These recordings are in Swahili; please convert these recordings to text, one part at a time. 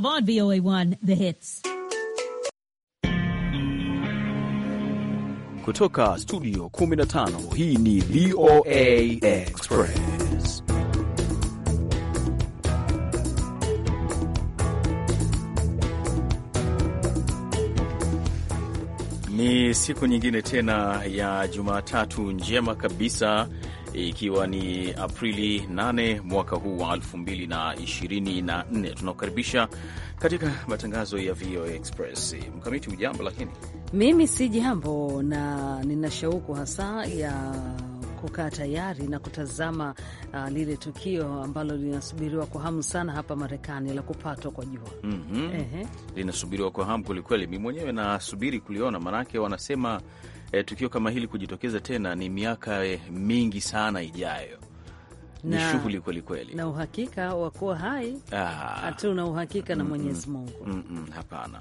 Love on VOA1 The Hits. Kutoka studio 15 hii ni VOA Express. Ni siku nyingine tena ya Jumatatu njema kabisa ikiwa ni Aprili 8 mwaka huu wa 2024. Tunakukaribisha katika matangazo ya VOA Express. Mkamiti ujambo, lakini mimi si jambo, na nina shauku hasa ya kukaa tayari na kutazama uh, lile tukio ambalo linasubiriwa kwa hamu sana hapa Marekani la kupatwa kwa jua. mm -hmm. Linasubiriwa kwa hamu kwelikweli, mi mwenyewe nasubiri kuliona, maanake wanasema e, tukio kama hili kujitokeza tena ni miaka e, mingi sana ijayo ni shughuli kwelikweli, na uhakika wa kuwa hai ah. hatuna uhakika na Mwenyezi Mungu. Mm -mm, hapana.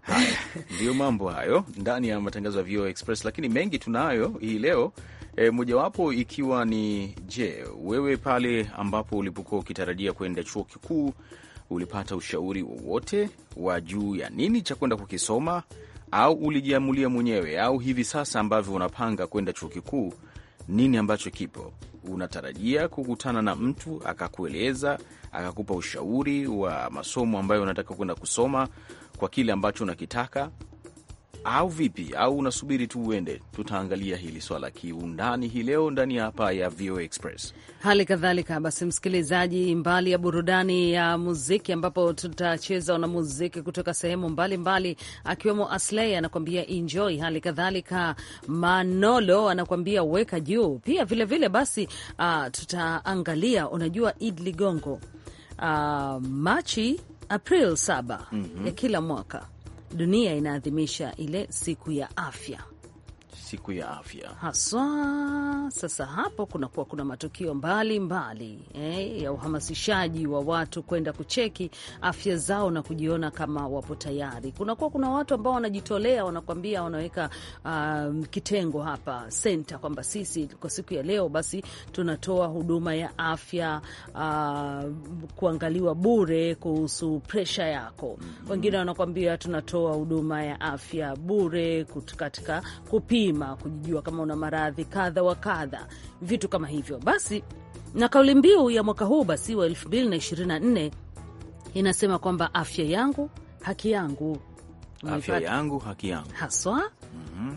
Haya ndiyo mambo hayo ndani ya matangazo ya VOA Express, lakini mengi tunayo hii leo e, mojawapo ikiwa ni je, wewe pale ambapo ulipokuwa ukitarajia kwenda chuo kikuu ulipata ushauri wowote wa juu ya nini cha kwenda kukisoma? au ulijiamulia mwenyewe au hivi sasa ambavyo unapanga kwenda chuo kikuu, nini ambacho kipo? Unatarajia kukutana na mtu akakueleza, akakupa ushauri wa masomo ambayo unataka kwenda kusoma kwa kile ambacho unakitaka, au vipi? Au unasubiri tu uende? Tutaangalia hili swala kiundani hii leo ndani hapa ya VOA Express. Hali kadhalika basi, msikilizaji, mbali ya burudani ya muziki, ambapo tutacheza na muziki kutoka sehemu mbalimbali, akiwemo Asley anakuambia enjoy, hali kadhalika Manolo anakuambia weka juu, pia vilevile vile basi, uh, tutaangalia unajua, Id Ligongo uh, Machi April saba mm -hmm. ya kila mwaka dunia inaadhimisha ile siku ya afya siku ya afya haswa. Sasa hapo kunakuwa kuna matukio mbalimbali mbali, eh, ya uhamasishaji wa watu kwenda kucheki afya zao na kujiona kama wapo tayari. Kunakuwa kuna watu ambao wanajitolea, wanakwambia, wanaweka uh, kitengo hapa senta kwamba sisi kwa siku ya leo basi tunatoa huduma ya afya uh, kuangaliwa bure kuhusu presha yako. Mm-hmm. Wengine wanakwambia tunatoa huduma ya afya bure katika kupima mapema, kujijua kama una maradhi kadha wa kadha, vitu kama hivyo. Basi na kauli mbiu ya mwaka huu basi wa 2024 inasema kwamba afya yangu haki yangu, afya yangu haki yangu haswa. mm -hmm.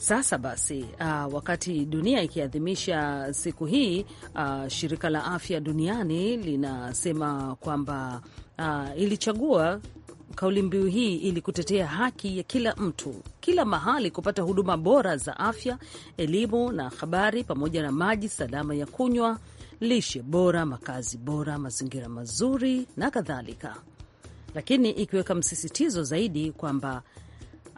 Sasa basi uh, wakati dunia ikiadhimisha siku hii uh, shirika la afya duniani linasema kwamba uh, ilichagua kauli mbiu hii ili kutetea haki ya kila mtu kila mahali kupata huduma bora za afya, elimu na habari, pamoja na maji salama ya kunywa, lishe bora, makazi bora, mazingira mazuri na kadhalika, lakini ikiweka msisitizo zaidi kwamba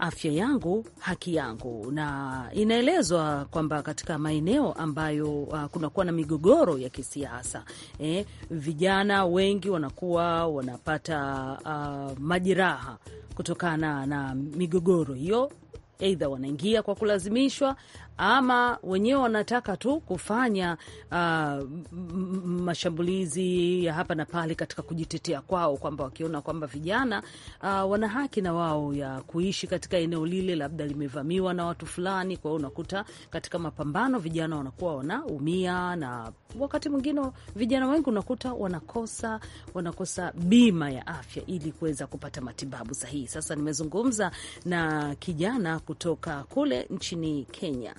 afya yangu haki yangu, na inaelezwa kwamba katika maeneo ambayo uh, kunakuwa na migogoro ya kisiasa eh, vijana wengi wanakuwa wanapata uh, majeraha kutokana na migogoro hiyo, eidha wanaingia kwa kulazimishwa ama wenyewe wanataka tu kufanya uh, mashambulizi ya hapa na pale katika kujitetea kwao, kwamba wakiona kwamba vijana uh, wana haki na wao ya kuishi katika eneo lile, labda limevamiwa na watu fulani. Kwa hiyo unakuta katika mapambano vijana wanakuwa wanaumia, na wakati mwingine vijana wengi unakuta wanakosa wanakosa bima ya afya ili kuweza kupata matibabu sahihi. Sasa nimezungumza na kijana kutoka kule nchini Kenya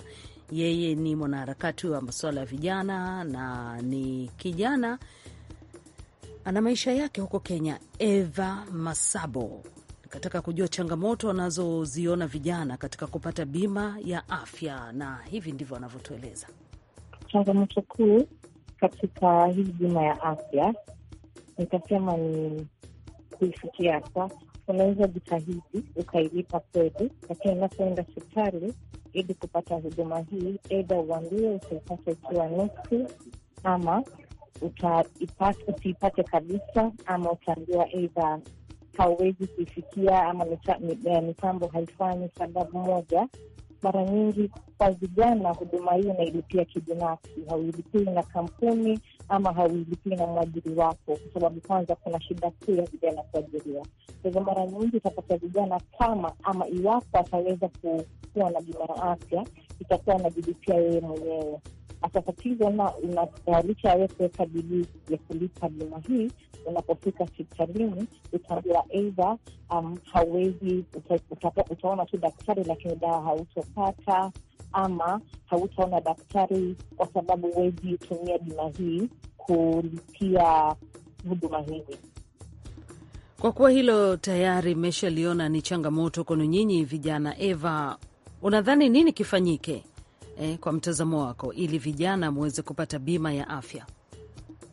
yeye ni mwanaharakati wa masuala ya vijana na ni kijana, ana maisha yake huko Kenya. Eva Masabo kataka kujua changamoto anazoziona vijana katika kupata bima ya afya, na hivi ndivyo anavyotueleza Changamoto kuu katika hii bima ya afya nitasema ni kuifikia. Sasa unaweza jitahidi ukailipa kweli, lakini unapoenda hospitali ili kupata huduma hii, eidha uambie utaipata ikiwa nusu ama usiipate kabisa, ama utaambiwa eidha hauwezi kuifikia ama mitambo haifanyi sababu moja mara nyingi kwa vijana, huduma hii unailipia kibinafsi, hauilipii na kampuni ama hauilipii na mwajiri wako, kwa sababu kwanza kuna shida kuu ya vijana kuajiriwa. Kwa hivyo mara nyingi utapata vijana kama ama iwapo ataweza kuwa na bima ya afya, itakuwa anajilipia yeye mwenyewe atatatizwa na unatayarisha awe kuweka bidii ya kulipa bima hii, unapofika hospitalini utaambiwa eidha um, hauwezi utaona tu daktari lakini dawa hautopata ama hautaona daktari kwa sababu huwezi tumia bima hii kulipia huduma hizi. Kwa kuwa hilo tayari mmeshaliona ni changamoto kwenu nyinyi vijana, Eva, unadhani nini kifanyike? eh, kwa mtazamo wako, ili vijana mweze kupata bima ya afya?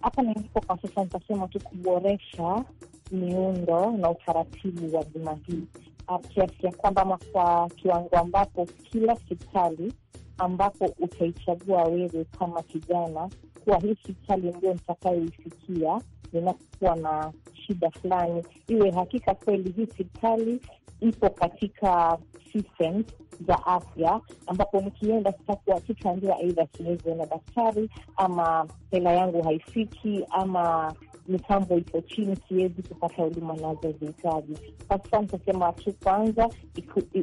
Hapa nilipo kwa sasa nitasema tu kuboresha miundo na utaratibu wa bima hii ah, kiasi ya kwamba ama kwa kiwango ambapo kila hospitali ambapo utaichagua wewe kama kijana kuwa hii hospitali ndio nitakayoifikia ninapokuwa na shida fulani, iwe hakika kweli hii hospitali ipo katika za afya, ambapo nikienda sitakuwa kichanjia, aidha siwezi na daktari ama hela yangu haifiki ama mitambo iko chini, siwezi kupata huduma nazozihitaji. Sasa nitasema tu kwanza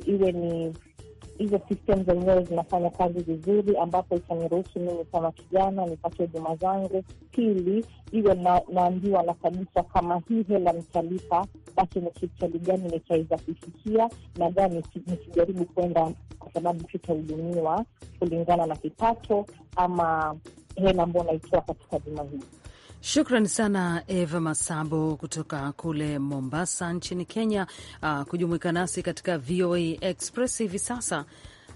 iwe ni hizo system zenyewe zinafanya kazi vizuri, ambapo itaniruhusu mimi kama kijana nipate huduma zangu. Pili, iwe na, naambiwa na kabisa kama hii hela nitalipa, basi ni hospitali gani nitaweza kuifikia na gani nikijaribu kwenda, kwa sababu sitahudumiwa kulingana na kipato ama hela ambayo naitoa katika bima hii. Shukran sana Eva masabo kutoka kule Mombasa nchini Kenya, uh, kujumuika nasi katika VOA Express hivi sasa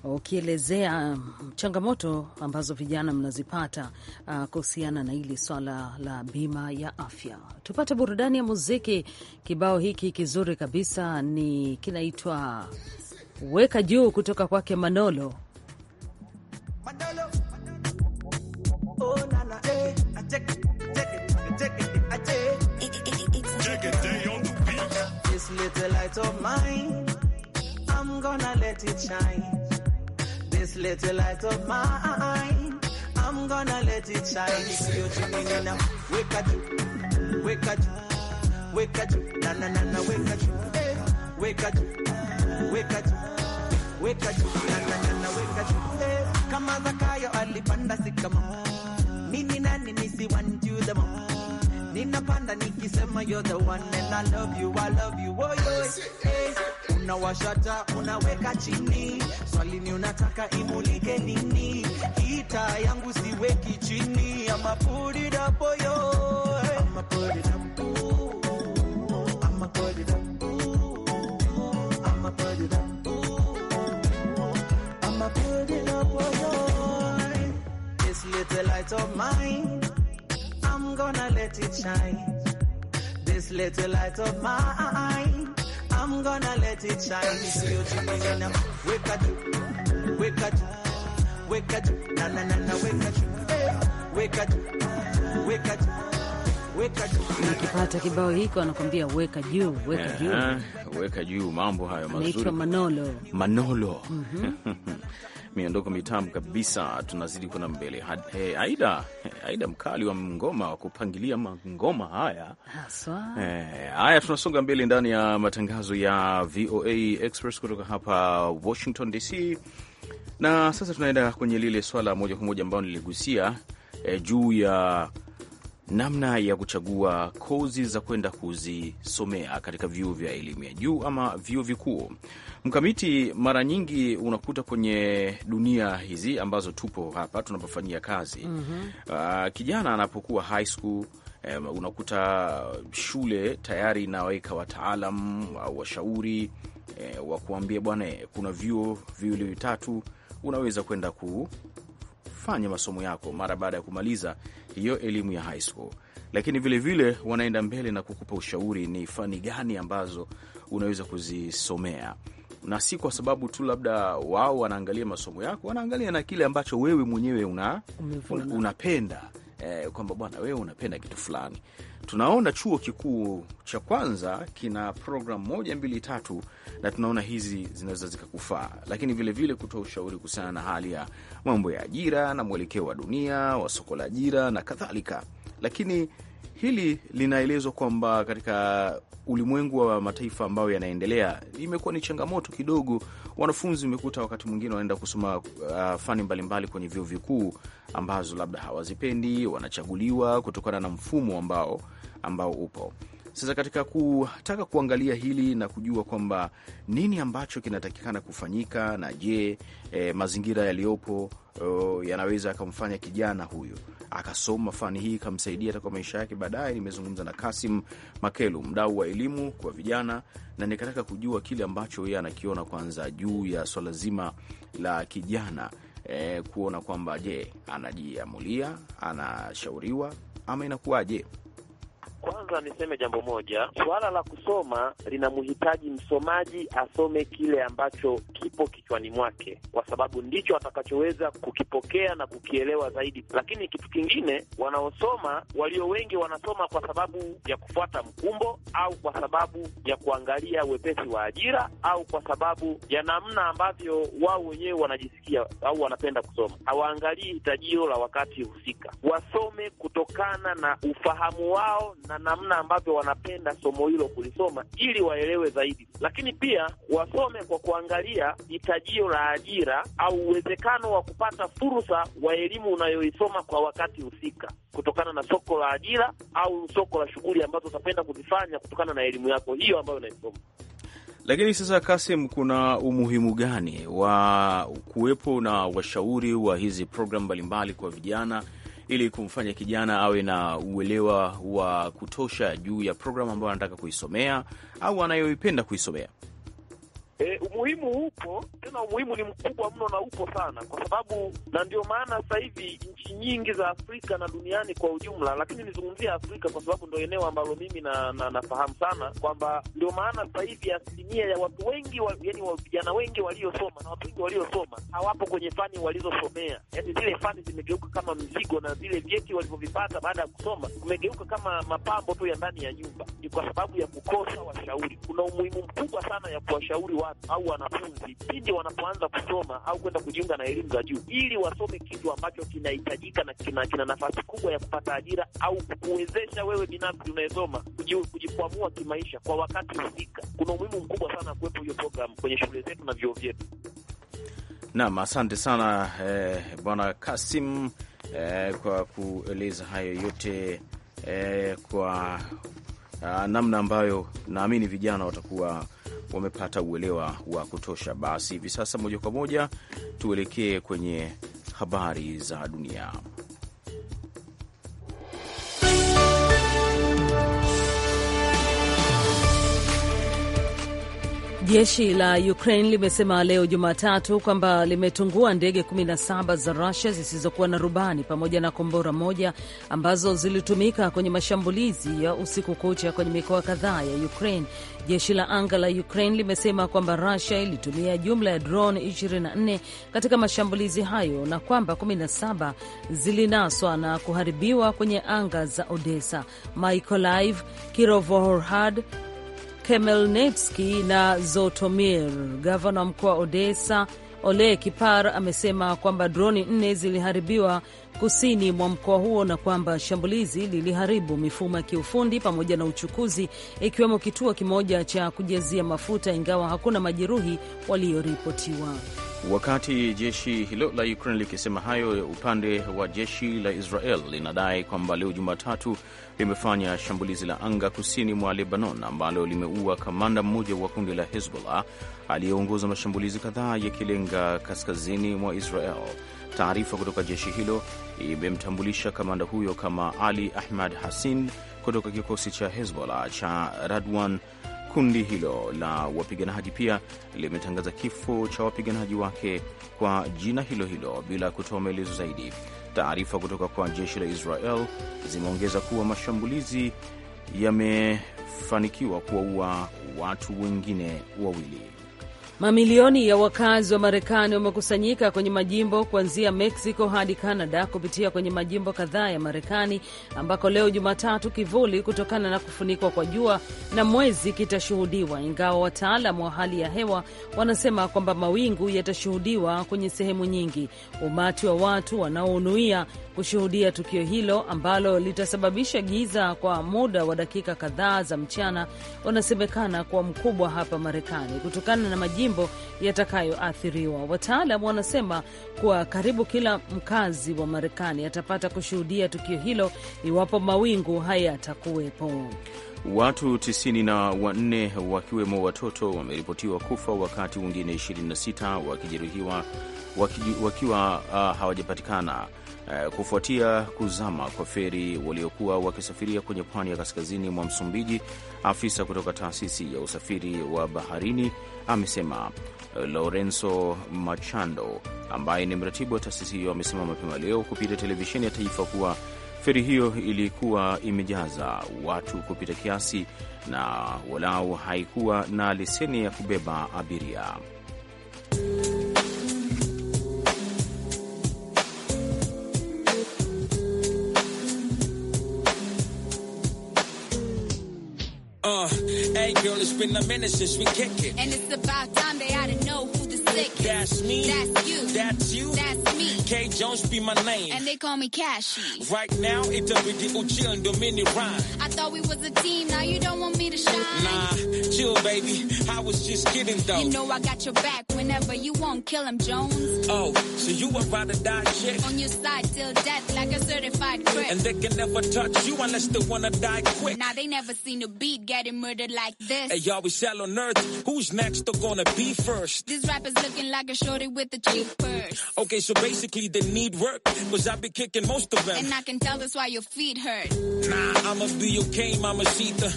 ukielezea changamoto ambazo vijana mnazipata uh, kuhusiana na hili swala la bima ya afya. Tupate burudani ya muziki. Kibao hiki kizuri kabisa ni kinaitwa Weka Juu kutoka kwake Manolo, Manolo. Manolo. Oh, nana, eh, take it, day on the beach. This little light of mine, I'm gonna let it shine. This little light of mine, I'm gonna let it shine. wake up, wake up wake up, you, na na na na wake up, you, hey. wake up, you, wake at you, wake at you, na na na na wake at you, hey. Kama Zakayo alipanda si kama, mimi nani nisiwanjudama ninapanda nikisema you're the one and I love you, I love you, oh yo, hey, eh, unawashata unaweka chini, swali ni unataka imulike nini? Kita yangu siweki chini, ama put it up, oh yo, ama put it up, ooh, ama put it up, ooh, ama put it up, ama put it up, oh yo, this little light of mine I'm gonna let it shine. This little light of mine, I'm gonna let it shine. It's you to me now. Wake up, wake up, wake up, na na na na, wake up, wake up, wake up. Nikipata kibao hiko anakwambia weka juu, weka juu, weka juu. Mambo hayo mazuri. Naitwa Manolo, Manolo. Mm -hmm. miondoko mitamu kabisa. Tunazidi kuna mbele hey, Aida, Aida mkali wa ngoma wa kupangilia mangoma haya hey, haya. Tunasonga mbele ndani ya matangazo ya VOA Express kutoka hapa Washington DC, na sasa tunaenda kwenye lile swala moja kwa moja ambayo niligusia eh, juu ya namna ya kuchagua kozi za kwenda kuzisomea katika vyuo vya elimu ya juu ama vyuo vikuu. Mkamiti, mara nyingi unakuta kwenye dunia hizi ambazo tupo hapa tunapofanyia kazi mm -hmm. uh, kijana anapokuwa high school um, unakuta shule tayari inaweka wataalam au washauri eh, wa kuambia bwana, kuna vyuo viwili vitatu unaweza kwenda ku kufanya masomo yako mara baada ya kumaliza hiyo elimu ya high school, lakini vilevile vile wanaenda mbele na kukupa ushauri ni fani gani ambazo unaweza kuzisomea na si kwa sababu tu labda wao wanaangalia masomo yako, wanaangalia na kile ambacho wewe mwenyewe una, unapenda eh, kwamba bwana wewe unapenda kitu fulani tunaona chuo kikuu cha kwanza kina programu moja mbili tatu, na tunaona hizi zinaweza zikakufaa, lakini vilevile kutoa ushauri kuhusiana na hali ya mambo ya ajira na mwelekeo wa dunia wa soko la ajira na kadhalika, lakini Hili linaelezwa kwamba katika ulimwengu wa mataifa ambayo yanaendelea imekuwa ni changamoto kidogo. Wanafunzi umekuta wakati mwingine wanaenda kusoma uh, fani mbalimbali mbali kwenye vyuo vikuu ambazo labda hawazipendi, wanachaguliwa kutokana na mfumo ambao ambao upo. Sasa katika kutaka kuangalia hili na kujua kwamba nini ambacho kinatakikana kufanyika na je, e, mazingira yaliyopo eh, yanaweza akamfanya kijana huyu akasoma fani hii ikamsaidia hata kwa maisha yake baadaye. Nimezungumza na Kasim Makelu, mdau wa elimu kwa vijana, na nikataka kujua kile ambacho yeye anakiona kwanza juu ya swala zima la kijana e, kuona kwamba je, anajiamulia, anashauriwa ama inakuwaje? Kwanza niseme jambo moja, suala la kusoma linamhitaji msomaji asome kile ambacho kipo kichwani mwake, kwa sababu ndicho atakachoweza kukipokea na kukielewa zaidi. Lakini kitu kingine, wanaosoma walio wengi wanasoma kwa sababu ya kufuata mkumbo au kwa sababu ya kuangalia wepesi wa ajira au kwa sababu ya namna ambavyo wao wenyewe wanajisikia au wanapenda kusoma. Hawaangalii hitajio la wakati husika. Wasome kutokana na ufahamu wao na namna ambavyo wanapenda somo hilo kulisoma ili waelewe zaidi, lakini pia wasome kwa kuangalia hitajio la ajira au uwezekano wa kupata fursa wa elimu unayoisoma kwa wakati husika kutokana na soko la ajira au soko la shughuli ambazo utapenda kuzifanya kutokana na elimu yako hiyo ambayo unaisoma. Lakini sasa, Kasim, kuna umuhimu gani wa kuwepo na washauri wa hizi programu mbalimbali kwa vijana ili kumfanya kijana awe na uelewa wa kutosha juu ya programu ambayo anataka kuisomea au anayoipenda kuisomea. E, umuhimu upo tena, umuhimu ni mkubwa mno na upo sana, kwa sababu na ndio maana sasa hivi nchi nyingi za Afrika na duniani kwa ujumla, lakini nizungumzia Afrika kwa sababu ndio eneo ambalo mimi na, na, nafahamu sana kwamba ndio maana sasa hivi asilimia ya watu wengi wa, yani vijana wengi waliosoma na watu wengi waliosoma hawapo kwenye fani walizosomea, yani zile fani zimegeuka kama mzigo, na zile vyeti walivyovipata baada ya kusoma kumegeuka kama mapambo tu ya ndani ya nyumba. Ni kwa sababu ya kukosa washauri. Kuna umuhimu mkubwa sana ya kuwashauri wa watu au wanafunzi pindi wanapoanza kusoma au kwenda kujiunga na elimu za juu, ili wasome kitu ambacho kinahitajika na kina, kina nafasi kubwa ya kupata ajira au kuwezesha wewe binafsi unayesoma kujikwamua kimaisha kwa wakati husika. Kuna umuhimu mkubwa sana kuwepo hiyo programu kwenye shule zetu na vyuo vyetu. Naam, asante sana eh, Bwana Kasim eh, kwa kueleza hayo yote eh, kwa ah, namna ambayo naamini vijana watakuwa wamepata uelewa wa kutosha. Basi hivi sasa moja kwa moja tuelekee kwenye habari za dunia. Jeshi la Ukraine limesema leo Jumatatu kwamba limetungua ndege 17 za Rusia zisizokuwa na rubani pamoja na kombora moja ambazo zilitumika kwenye mashambulizi ya usiku kucha kwenye mikoa kadhaa ya Ukraine. Jeshi la anga la Ukraine limesema kwamba Rusia ilitumia jumla ya drone 24 katika mashambulizi hayo na kwamba 17 zilinaswa na kuharibiwa kwenye anga za Odessa, Mykolaiv, Kirovohrad Kemelnevski na Zotomir. Gavana wa mkoa wa Odessa Ole Kipar amesema kwamba droni nne ziliharibiwa kusini mwa mkoa huo na kwamba shambulizi liliharibu mifumo ya kiufundi pamoja na uchukuzi, ikiwemo kituo kimoja cha kujazia mafuta, ingawa hakuna majeruhi walioripotiwa. Wakati jeshi hilo la Ukraine likisema hayo, upande wa jeshi la Israel linadai kwamba leo Jumatatu limefanya shambulizi la anga kusini mwa Lebanon ambalo limeua kamanda mmoja wa kundi la Hezbollah aliyeongoza mashambulizi kadhaa yakilenga kaskazini mwa Israel. Taarifa kutoka jeshi hilo imemtambulisha kamanda huyo kama Ali Ahmad Hassin kutoka kikosi cha Hezbollah cha Radwan. Kundi hilo la wapiganaji pia limetangaza kifo cha wapiganaji wake kwa jina hilo hilo bila kutoa maelezo zaidi. Taarifa kutoka kwa jeshi la Israel zimeongeza kuwa mashambulizi yamefanikiwa kuwaua watu wengine wawili. Mamilioni ya wakazi wa Marekani wamekusanyika kwenye majimbo kuanzia Mexico hadi Canada kupitia kwenye majimbo kadhaa ya Marekani ambako leo Jumatatu kivuli kutokana na kufunikwa kwa jua na mwezi kitashuhudiwa, ingawa wataalam wa hali ya hewa wanasema kwamba mawingu yatashuhudiwa kwenye sehemu nyingi. Umati wa watu wanaonuia kushuhudia tukio hilo ambalo litasababisha giza kwa muda wa dakika kadhaa za mchana unasemekana kuwa mkubwa hapa Marekani kutokana na majimbo yatakayoathiriwa. Wataalam wanasema kuwa karibu kila mkazi wa Marekani atapata kushuhudia tukio hilo iwapo mawingu hayatakuwepo. Watu 9 na wanne wakiwemo watoto wameripotiwa kufa wakati wengine 26 wakijeruhiwa wakiwa uh, hawajapatikana. Eh, kufuatia kuzama kwa feri waliokuwa wakisafiria kwenye pwani ya kaskazini mwa Msumbiji. Afisa kutoka taasisi ya usafiri wa baharini amesema. Eh, Lorenzo Machando ambaye ni mratibu wa taasisi hiyo amesema mapema leo kupitia televisheni ya taifa kuwa feri hiyo ilikuwa imejaza watu kupita kiasi na walau haikuwa na leseni ya kubeba abiria. Hey, girl, it's been a minute since we kicked it. And it's about time they ought to know Slick. That's me. That's you. That's you. That's me. K Jones be my name. And they call me Cashy. Right now, it's a video chill and many rhyme. I thought we was a team, now you don't want me to shine. Nah, chill, baby. I was just kidding, though. You know I got your back whenever you want. Kill him, Jones. Oh, so you would rather die chick? On your side till death, like a certified crip. And they can never touch you unless they wanna die quick. Now they never seen a beat getting murdered like this. Hey, y'all, we sell on earth. Who's next? They're gonna be first. These rappers looking like a shorty with a cheap purse. Okay, so basically they need work, cause be kicking most of them. And I can tell that's why your feet hurt. Nah, I'ma be okay, Mama Sita.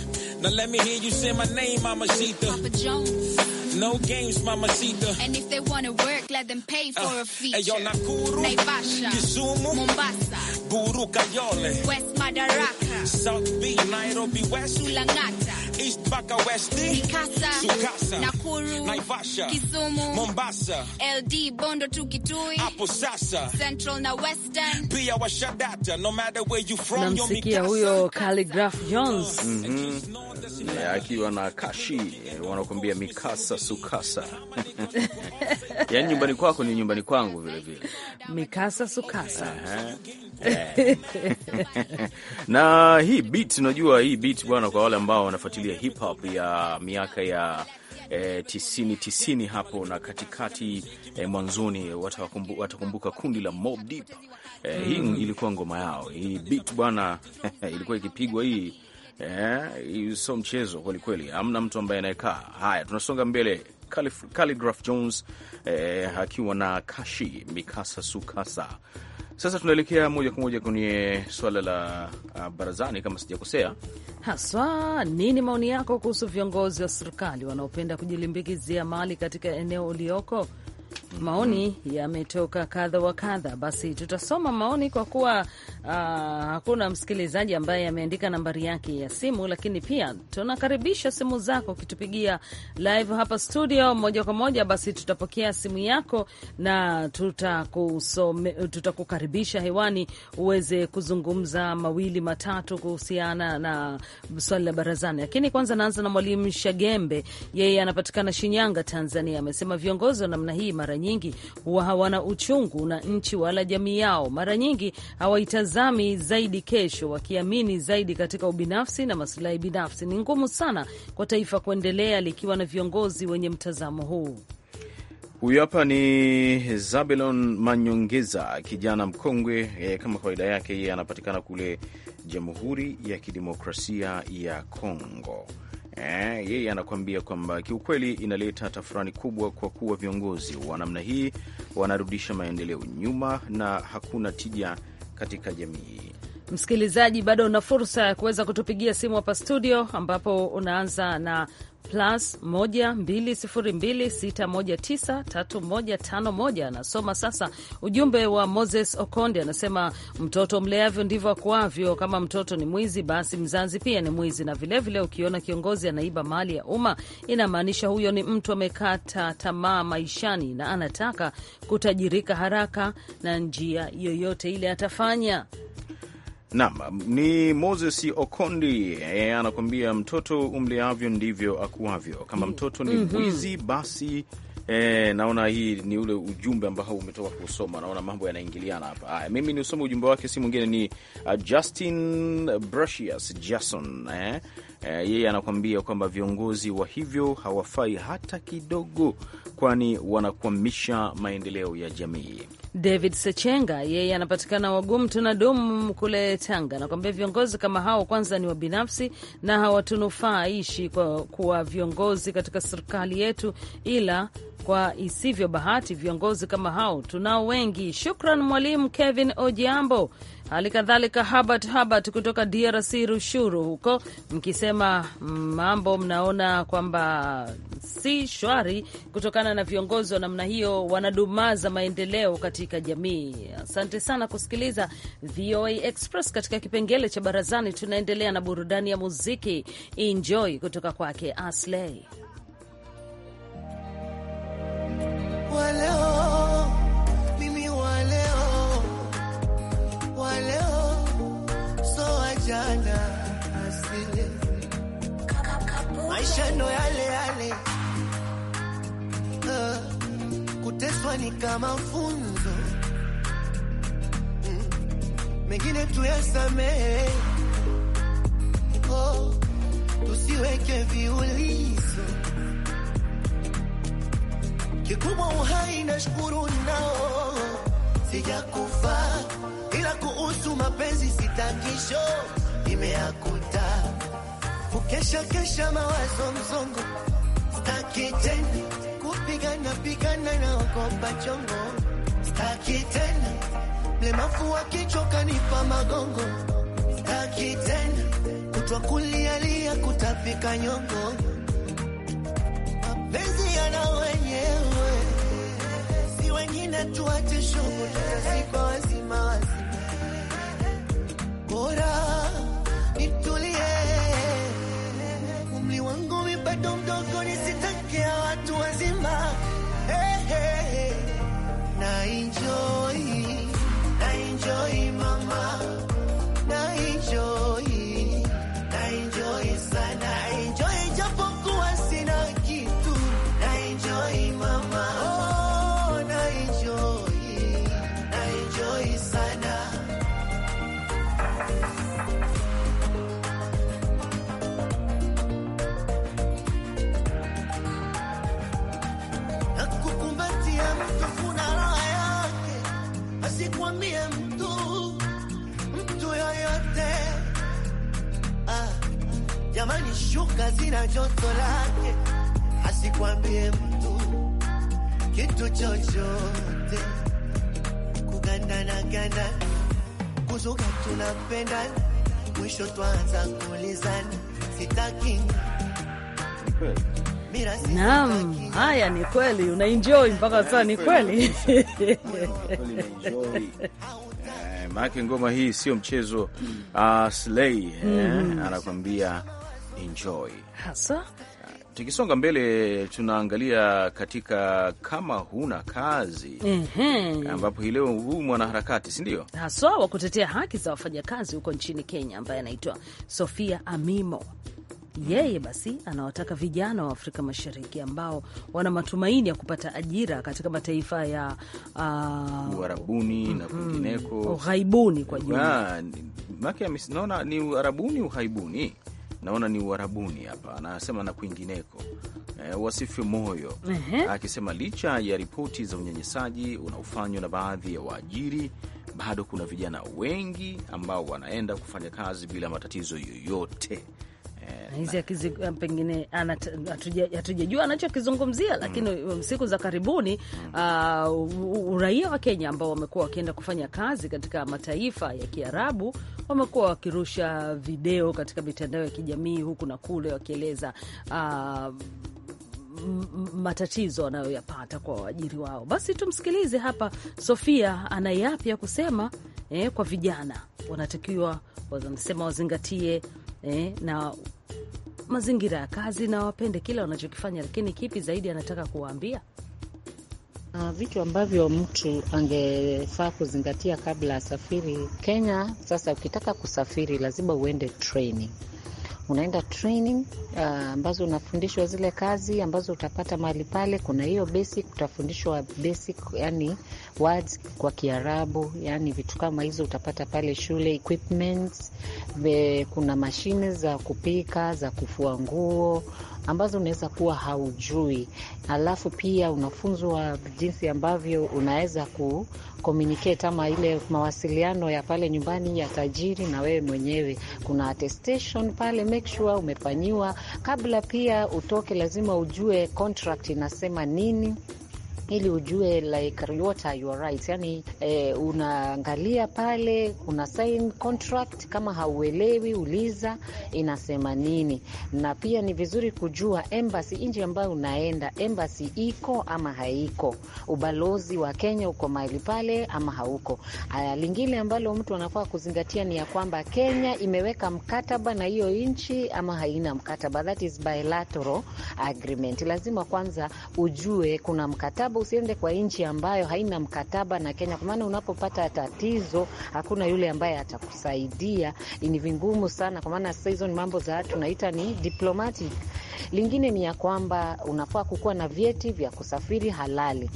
Now let me hear you say my name, Mama Sita. Papa Jones. No games, Mama Sita. And if they wanna work, let them pay for uh, a feature. Hey, yo, Nakuru, Naivasha, Kisumu, Mombasa, Guru Kayole, West Madaraka, South Beach, Nairobi West, Sulangata. east mpaka west, Mikasa, Sukasa, Nakuru, Naivasha, Kisumu, Mombasa, LD Bondo tu Kitui, hapo sasa Central na Western, pia washadata, no matter where you from, namsikia huyo Calligraph Jones mm -hmm akiwa na Kashi wanakuambia mikasa sukasa. Yani nyumbani kwako ni nyumbani kwangu vilevile Mikasa sukasa. Na hii beat, unajua hii beat bwana, kwa wale ambao wanafuatilia hip hop ya miaka ya E, tisini tisini hapo na katikati e, mwanzoni watakumbu, watakumbuka kundi la Mob Deep e, mm. Hii ilikuwa ngoma yao hii beat bwana ilikuwa ikipigwa hii eh, sio mchezo kwelikweli, amna mtu ambaye anayekaa. Haya, tunasonga mbele. Khaligraph Jones eh, akiwa na Kashi Mikasa Sukasa. Sasa tunaelekea moja kwa moja kwenye suala la uh, barazani kama sijakosea haswa. Nini maoni yako kuhusu viongozi wa serikali wanaopenda kujilimbikizia mali katika eneo ulioko? Maoni yametoka kadha wa kadha, basi tutasoma maoni kwa kuwa uh, hakuna msikilizaji ambaye ameandika nambari yake ya simu, lakini pia tunakaribisha simu zako ukitupigia live hapa studio moja kwa moja, basi tutapokea simu yako na tutakukaribisha tuta hewani uweze kuzungumza mawili matatu kuhusiana na swali la barazani. Lakini kwanza naanza na Mwalimu Shagembe, yeye anapatikana Shinyanga, Tanzania. Amesema viongozi wa namna hii mara nyingi huwa hawana uchungu na nchi wala jamii yao. Mara nyingi hawaitazami zaidi kesho, wakiamini zaidi katika ubinafsi na masilahi binafsi. Ni ngumu sana kwa taifa kuendelea likiwa na viongozi wenye mtazamo huu. Huyu hapa ni Zabelon Manyongeza, kijana mkongwe e, kama kawaida yake yeye anapatikana kule Jamhuri ya Kidemokrasia ya Kongo. Eh, yeye anakuambia kwamba kiukweli inaleta tafurani kubwa kwa kuwa viongozi wa namna hii wanarudisha maendeleo nyuma na hakuna tija katika jamii. Msikilizaji, bado una fursa ya kuweza kutupigia simu hapa studio, ambapo unaanza na plus 12026193151. Anasoma sasa ujumbe wa Moses Okonde, anasema mtoto mleavyo ndivyo akuavyo. Kama mtoto ni mwizi, basi mzazi pia ni mwizi, na vilevile vile ukiona kiongozi anaiba mali ya umma, inamaanisha huyo ni mtu amekata tamaa maishani na anataka kutajirika haraka na njia yoyote ile atafanya. Naam, ni Moses Okondi e, anakuambia mtoto umleavyo ndivyo akuavyo. Kama mtoto ni mhm. mwizi mm -hmm. basi E, naona hii ni ule ujumbe ambao umetoka kusoma. Naona mambo yanaingiliana hapa. Haya, mimi ni usome ujumbe wake, si mwingine ni uh, Justin Brusius Jason eh? E, yeye anakuambia kwamba viongozi wa hivyo hawafai hata kidogo, kwani wanakwamisha maendeleo ya jamii. David Sechenga yeye anapatikana wagumu dum kule Tanga, nakwambia viongozi kama hao kwanza ni wabinafsi na ishi kwa kuwa viongozi katika serikali yetu, ila kwa isivyo bahati viongozi kama hao tunao wengi. Shukran Mwalimu Kevin Ojiambo hali kadhalika Habart Habart kutoka DRC Rushuru huko, mkisema mambo mnaona kwamba si shwari kutokana na viongozi wa namna hiyo wanadumaza maendeleo katika jamii. Asante sana kusikiliza VOA Express. Katika kipengele cha barazani, tunaendelea na burudani ya muziki Enjoy kutoka kwake Asley. sana asile, maisha ndo yale yale. Uh, kuteswa ni kama funzo mm, mengine tuyasamehe. Oh, tusiweke viulizo kikubwa uhai na shukuru nao, sijakufa ila kuhusu mapenzi sitakisho imeakuta kukesha kesha mawazo mzongo, staki tena kupigana pigana na wakopa chongo, staki tena mlemafu wakichoka nipa magongo, staki tena kutwa kulialia kutapika nyongo, mapenzi yana wenyewe, si wengine tuwate shughuli za wazima wazima bora nitulie, umri wangu mi bado mdogo, nisitake watu wazima kazina joto lake, asikwambie mtu kitu chochote, Kuganda na ganda kuzuka, tunapenda mwisho twanza kulizana, sitaki Naam, haya ni kweli, unaenjoy mpaka sasa. Ni kweli eh, maanake ngoma hii sio mchezo. Uh, Slay eh, mm. eh, anakwambia enjoy hasa. Tukisonga mbele, tunaangalia katika kama huna kazi mm -hmm. ambapo hii leo huu mwanaharakati si ndio haswa wa kutetea haki za wafanyakazi huko nchini Kenya ambaye anaitwa Sofia Amimo yeye basi anawataka vijana wa Afrika Mashariki ambao wana matumaini ya kupata ajira katika mataifa ya uh, uharabuni mm, na mm-hmm, kwingineko, ughaibuni kwa jumla. Ah, naona ni uharabuni, uhaibuni naona ni uharabuni hapa, anasema na kwingineko, e, wasife moyo akisema licha ya ripoti za unyanyasaji unaofanywa na baadhi ya waajiri bado kuna vijana wengi ambao wanaenda kufanya kazi bila matatizo yoyote. Eh, hizi akizi eh, pengine hatujajua anachokizungumzia, lakini mm. siku za karibuni uh, uraia wa Kenya ambao wamekuwa wakienda kufanya kazi katika mataifa ya Kiarabu wamekuwa wakirusha video katika mitandao ya kijamii huku na kule wakieleza uh, matatizo wanayoyapata kwa waajiri wao. Basi tumsikilize hapa Sofia ana yapi ya kusema eh, kwa vijana wanatakiwa wanasema wazingatie eh, na mazingira ya kazi na wapende kile wanachokifanya, lakini kipi zaidi anataka kuwaambia? Uh, vitu ambavyo mtu angefaa kuzingatia kabla asafiri Kenya. Sasa ukitaka kusafiri lazima uende training, unaenda training uh, ambazo unafundishwa zile kazi ambazo utapata mahali pale. Kuna hiyo basic, utafundishwa basic, yani words kwa Kiarabu, yani vitu kama hizo utapata pale shule. Equipments, be, kuna mashine za kupika, za kufua nguo ambazo unaweza kuwa haujui, alafu pia unafunzwa jinsi ambavyo unaweza ku communicate ama ile mawasiliano ya pale nyumbani ya tajiri na wewe mwenyewe. Kuna attestation pale, make sure umefanyiwa kabla pia utoke, lazima ujue contract inasema nini ili ujue like what are your rights. Yani eh, unaangalia pale kuna sign contract, kama hauelewi uliza inasema nini, na pia ni vizuri kujua embassy, nji ambayo unaenda embassy iko ama haiko, ubalozi wa Kenya uko mahali pale ama hauko. Aya, lingine ambalo mtu anafaa kuzingatia ni ya kwamba Kenya imeweka mkataba na hiyo nchi ama haina mkataba, that is bilateral agreement. Lazima kwanza ujue kuna mkataba usiende kwa nchi ambayo haina mkataba na Kenya, kwa maana unapopata tatizo hakuna yule ambaye atakusaidia. Ni vingumu sana, kwa maana sasa hizo ni mambo za tunaita ni diplomatic Lingine ni ya kwamba unafaa kukuwa na vyeti vya kusafiri halali.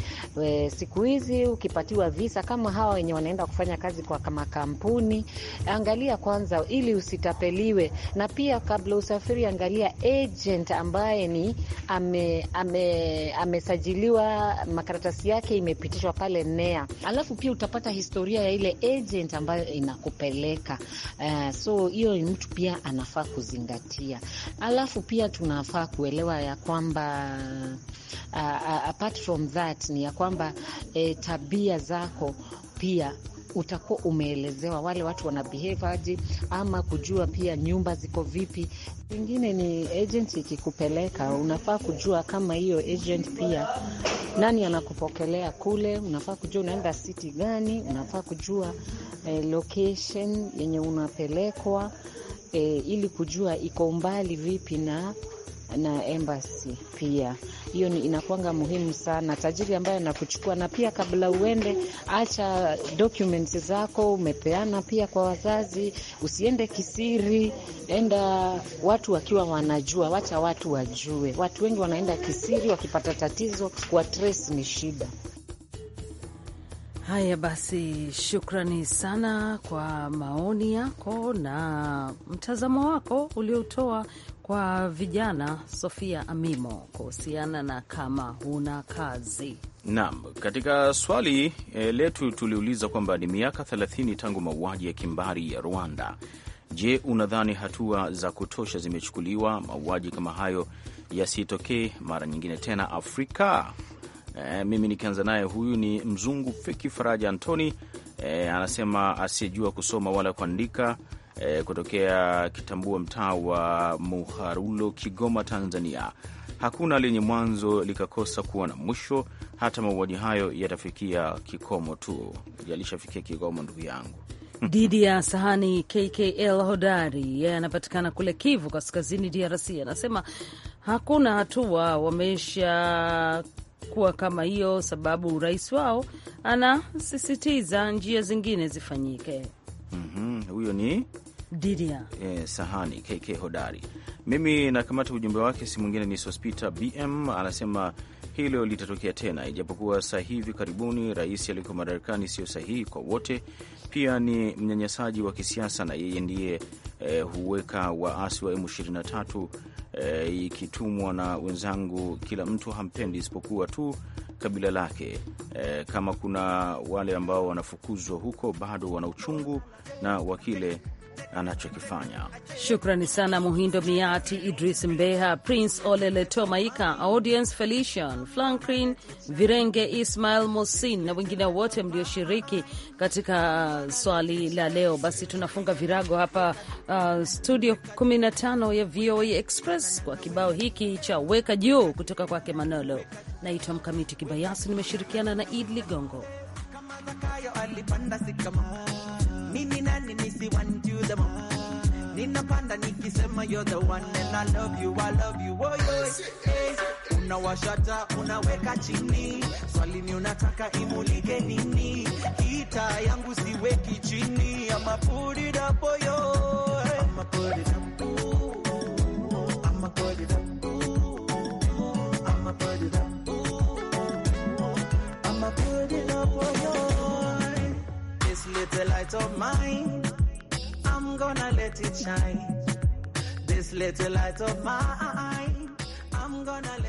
E, siku hizi ukipatiwa visa kama hawa wenye wanaenda kufanya kazi kwa makampuni angalia kwanza ili usitapeliwe, na pia kabla usafiri, angalia agent ambaye ni ame, ame, amesajiliwa, makaratasi yake imepitishwa pale NEA, alafu pia utapata historia ya ile agent ambayo inakupeleka. Uh, so hiyo mtu pia anafaa kuzingatia, alafu pia tuna anafaa kuelewa ya kwamba uh, uh, apart from that ni ya kwamba eh, tabia zako pia utakuwa umeelezewa wale watu wana behave aje, ama kujua pia nyumba ziko vipi. Pengine ni agent ikikupeleka, unafaa kujua kama hiyo agent pia nani anakupokelea kule, unafaa kujua unaenda city gani, unafaa kujua eh, location yenye unapelekwa eh, ili kujua iko mbali vipi na na embassy pia. Hiyo inakwanga muhimu sana, tajiri ambaye anakuchukua. Na pia kabla uende, acha documents zako umepeana pia kwa wazazi, usiende kisiri. Enda watu wakiwa wanajua, wacha watu wajue. Watu wengi wanaenda kisiri, wakipata tatizo kwa trace ni shida. Haya basi, shukrani sana kwa maoni yako na mtazamo wako uliotoa kwa vijana Sofia Amimo kuhusiana na kama huna kazi. Naam, katika swali e, letu tuliuliza kwamba ni miaka 30 tangu mauaji ya kimbari ya Rwanda. Je, unadhani hatua za kutosha zimechukuliwa mauaji kama hayo yasitokee mara nyingine tena Afrika? E, mimi nikianza naye, huyu ni mzungu fiki Faraja Antoni. E, anasema asiyejua kusoma wala kuandika e, kutokea Kitambua, mtaa wa Muharulo, Kigoma, Tanzania. Hakuna lenye mwanzo likakosa kuwa na mwisho. Hata mauaji hayo yatafikia kikomo tu, yalishafikia kikomo, ndugu yangu. Didi ya sahani KKL Hodari yeye yeah, anapatikana kule Kivu Kaskazini, DRC. Anasema hakuna hatua wameisha kuwa kama hiyo, sababu rais wao anasisitiza njia zingine zifanyike. mm -hmm. Huyo ni Didia e, eh, Sahani KK Hodari. Mimi nakamata ujumbe wake, si mwingine ni Sospita BM, anasema hilo litatokea tena, ijapokuwa saa hivi karibuni rais aliko madarakani sio sahihi kwa wote, pia ni mnyanyasaji wa kisiasa, na yeye ndiye e, huweka waasi wa M23 eh, ikitumwa na wenzangu, kila mtu hampendi isipokuwa tu kabila lake. E, kama kuna wale ambao wanafukuzwa huko bado wana uchungu na wakile anachokifanya. Shukrani sana Muhindo Miati, Idris Mbeha, Prince Oleleto Maika, Audience Felician, Flankrin Virenge, Ismail Mosin na wengine wote mlioshiriki katika swali la leo. Basi tunafunga virago hapa uh, studio 15 ya VOA Express kwa kibao hiki cha weka juu kutoka kwake Manolo. Naitwa Mkamiti Kibayasi, nimeshirikiana na Id Ligongo. Nini nani nisi one to the one. Ninapanda nikisema you're the one and I love you, I love you. Oh, yo, hey. Unawashata, unaweka chini. Swali ni unataka imulike nini? Kita yangu siweki chini. I'ma put it up, oh, yo. I'ma put it up. I'ma put it up. the light of mine. I'm gonna let it shine. This little light of mine. I'm gonna let